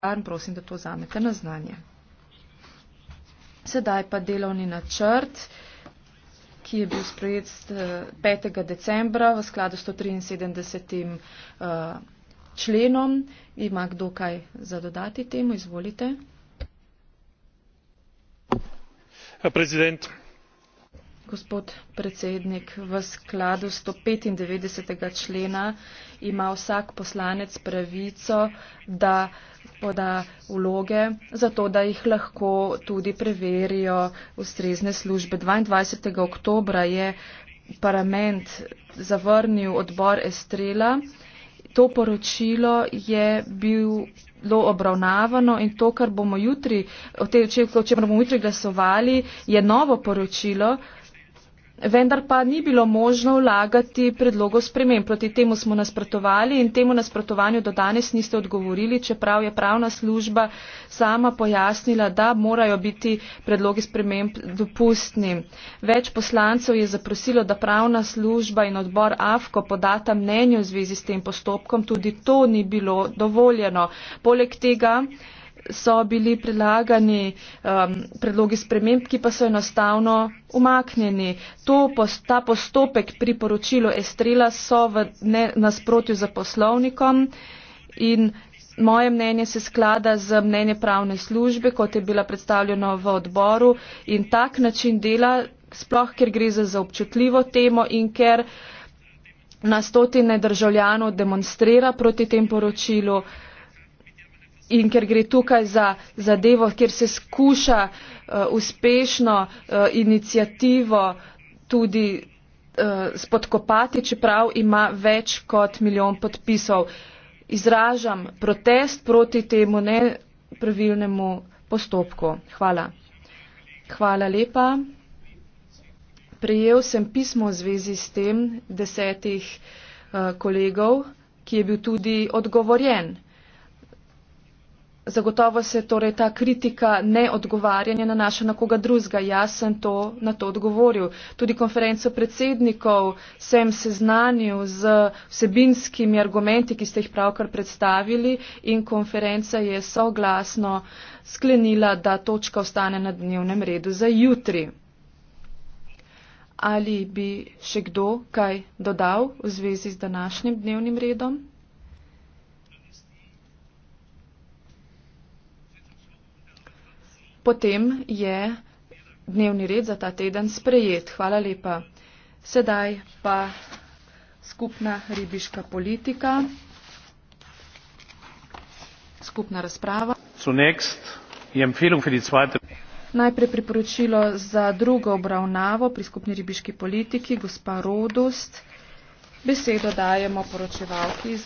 pisarn, prosim, da to vzamete na znanje. Sedaj pa delovni načrt, ki je bil sprejet 5. Eh, decembra v skladu s 173. Eh, členom. Ima kdo kaj za dodati temu? Izvolite. Prezident. Gospod predsednik, v skladu 195. člena ima vsak poslanec pravico, da poda vloge, zato da jih lahko tudi preverijo ustrezne službe. 22. oktobra je parlament zavrnil odbor Estrela. To poročilo je bilo obravnavano in to, kar bomo jutri, o, te, o čem bomo jutri glasovali, je novo poročilo, vendar pa ni bilo možno vlagati predlogov sprememb. Proti temu smo nasprotovali in temu nasprotovanju do danes niste odgovorili, čeprav je pravna služba sama pojasnila, da morajo biti predlogi sprememb dopustni. Več poslancev je zaprosilo, da pravna služba in odbor AFKO podata mnenje v zvezi s tem postopkom. Tudi to ni bilo dovoljeno. Poleg tega so bili predlagani um, predlogi sprememb, ki pa so enostavno umaknjeni. To, ta postopek pri poročilu Estrela so v nasprotju z poslovnikom in moje mnenje se sklada z mnenje pravne službe, kot je bila predstavljena v odboru in tak način dela, sploh ker gre za zaobčutljivo temo in ker na stotine državljanov demonstrira proti tem poročilu in ker gre tukaj za zadevo, kjer se skuša uh, uspešno uh, eh, inicijativo tudi uh, spodkopati, čeprav ima več kot milijon podpisov. Izražam protest proti temu nepravilnemu postopku. Hvala. Hvala lepa. Prejel sem pismo v zvezi s tem desetih uh, kolegov, ki je bil tudi odgovorjen zagotovo se torej ta kritika neodgovarjanja nanaša na koga drugega. Jaz sem to na to odgovoril. Tudi konferenco predsednikov sem seznanil z vsebinskimi argumenti, ki ste jih pravkar predstavili in konferenca je soglasno sklenila, da točka ostane na dnevnem redu za jutri. Ali bi še kdo kaj dodal v zvezi z današnjim dnevnim redom? Potem je dnevni red za ta teden sprejet. Hvala lepa. Sedaj pa skupna ribiška politika. Skupna razprava. Najprej priporočilo za drugo obravnavo pri skupni ribiški politiki, gospa Rodost. Besedo dajemo poročevalki.